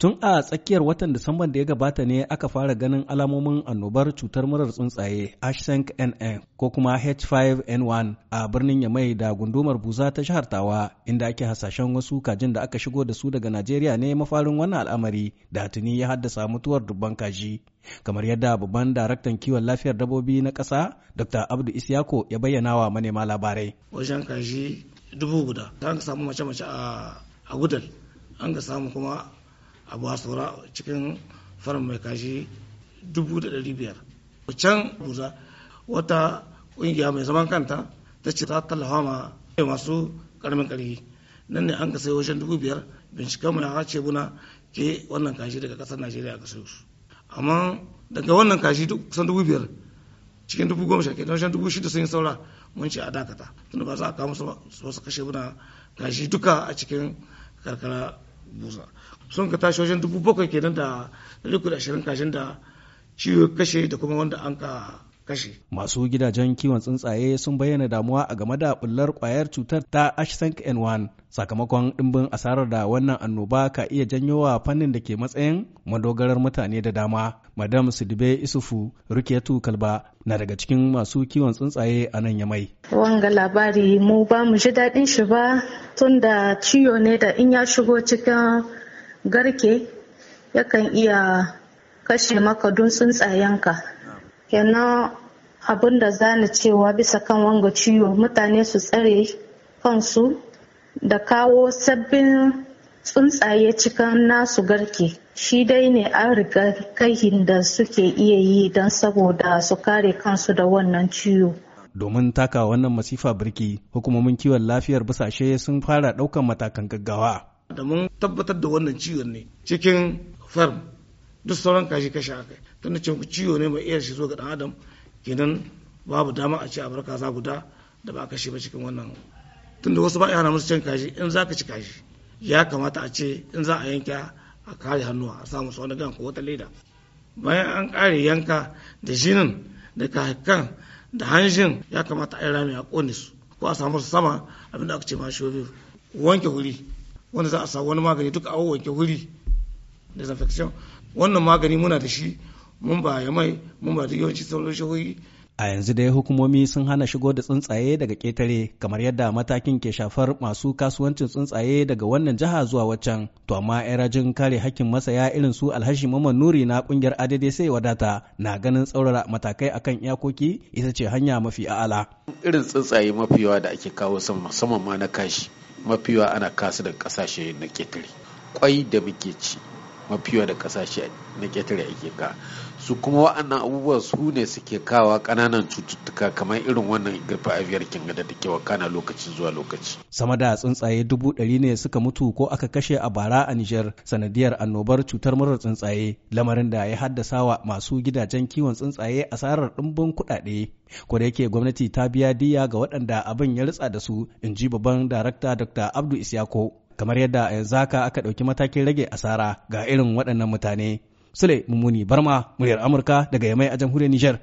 Tun a tsakiyar watan Disamban da ya gabata ne aka fara ganin alamomin annobar cutar murar tsuntsaye H5N1 ko kuma H5N1 a birnin Yamai da gundumar Buza ta shahartawa, inda ake hasashen wasu kajin da aka shigo da su daga Najeriya ne mafarin wannan al'amari da tuni ya haddasa mutuwar dubban kaji. Kamar yadda babban daraktan kiwon lafiyar dabbobi na ƙasa Dr. Abdu Isyako ya bayyana wa manema labarai. Wajen kaji dubu guda, an samu mace-mace a gudal, an ga samu kuma a basura cikin farin mai kashi dubu da biyar can buza wata kungiya mai zaman kanta ta ce ta tallafa ma masu karamin ƙarfi nan ne an ka sai wajen dubu biyar binciken mai ya ce muna ke wannan kashi daga kasar najeriya ga sayo su amma daga wannan kashi kusan dubu biyar cikin dubu goma sha kenan wajen dubu shida sun yi saura mun ce a dakata tunda ba za a kawo su kashe buna kashi duka a cikin karkara busa sun ka tashi wajen dubu bakwai kenan da dari ashirin kashin da ciwo kashe da kuma wanda an ka kashe. Masu gidajen kiwon tsuntsaye sun bayyana damuwa a game da bullar kwayar cutar ta H5N1 sakamakon ɗimbin asarar da wannan annoba ka iya janyo wa fannin da ke matsayin madogarar mutane da dama. Madam Sidibe Isufu ruketu Kalba na daga cikin masu kiwon tsuntsaye a nan Yamai. Wanga labari mu ba mu ji daɗin shi ba tun da ciwo ne da in ya shigo cikin garke yakan iya kashe maka dun tsuntsayenka. kenan abin da zani cewa bisa kan wanga ciwo mutane su tsare kansu da kawo sabbin tsuntsaye cikin nasu garke shi dai ne an riga kaihin da suke iya yi don saboda su kare kansu da wannan ciwo domin taka wannan masifa birki hukumomin kiwon lafiyar busashe sun fara daukan matakan gaggawa domin tabbatar da wannan ciwon ne cikin farm duk sauran kashi kashe akai tana cin ciwo ne mai iya shi zo ga dan adam kenan babu dama a ci a bar kaza guda da ba kashe ba cikin wannan tunda wasu ba yana musu cin kashi in za ka ci kashi ya kamata a ce in za a yanka a kare hannuwa a samu su wani gan ko wata leda bayan an kare yanka da jinin da kakan da hanjin ya kamata a yi rami a kone su ko a samu su sama abinda aka ce ma shofi wanke wuri wanda za a samu wani magani duka a wanke wuri desinfection wannan magani muna da shi mun ba ya mai mun ba ta yawanci sauran shagogi a yanzu dai hukumomi sun hana shigo da tsuntsaye daga ketare kamar yadda matakin ke shafar masu kasuwancin tsuntsaye daga wannan jiha zuwa waccan to amma yan rajin kare hakkin masaya irin su alhashi maman nuri na kungiyar adade sai wadata na ganin tsaurara matakai akan iyakoki ita ce hanya mafi a'ala irin tsuntsaye mafiwa da ake kawo sama musamman ma na kashi mafiwa ana kasu da kasashe na ketare kwai da muke ci mafiwa da kasashe na ƙetare ake ka su kuma wa'annan abubuwa su ne suke kawa kananan cututtuka kamar irin wannan gripe aviyar kinga da take wakana lokaci zuwa lokaci sama da tsuntsaye dubu ɗari ne suka mutu ko aka kashe a bara a Nijar sanadiyar annobar cutar murar tsuntsaye lamarin da ya haddasa wa masu gidajen kiwon tsuntsaye asarar ɗimbin kuɗaɗe ko da yake gwamnati ta biya diya ga waɗanda abin ya ritsa da su in ji babban darakta Dr. Abdu Isyako kamar yadda yanzu haka aka ɗauki matakin rage asara ga irin waɗannan mutane. Sule Mummuni Barma, muryar Amurka daga Yamai a jamhuriyar Nijar.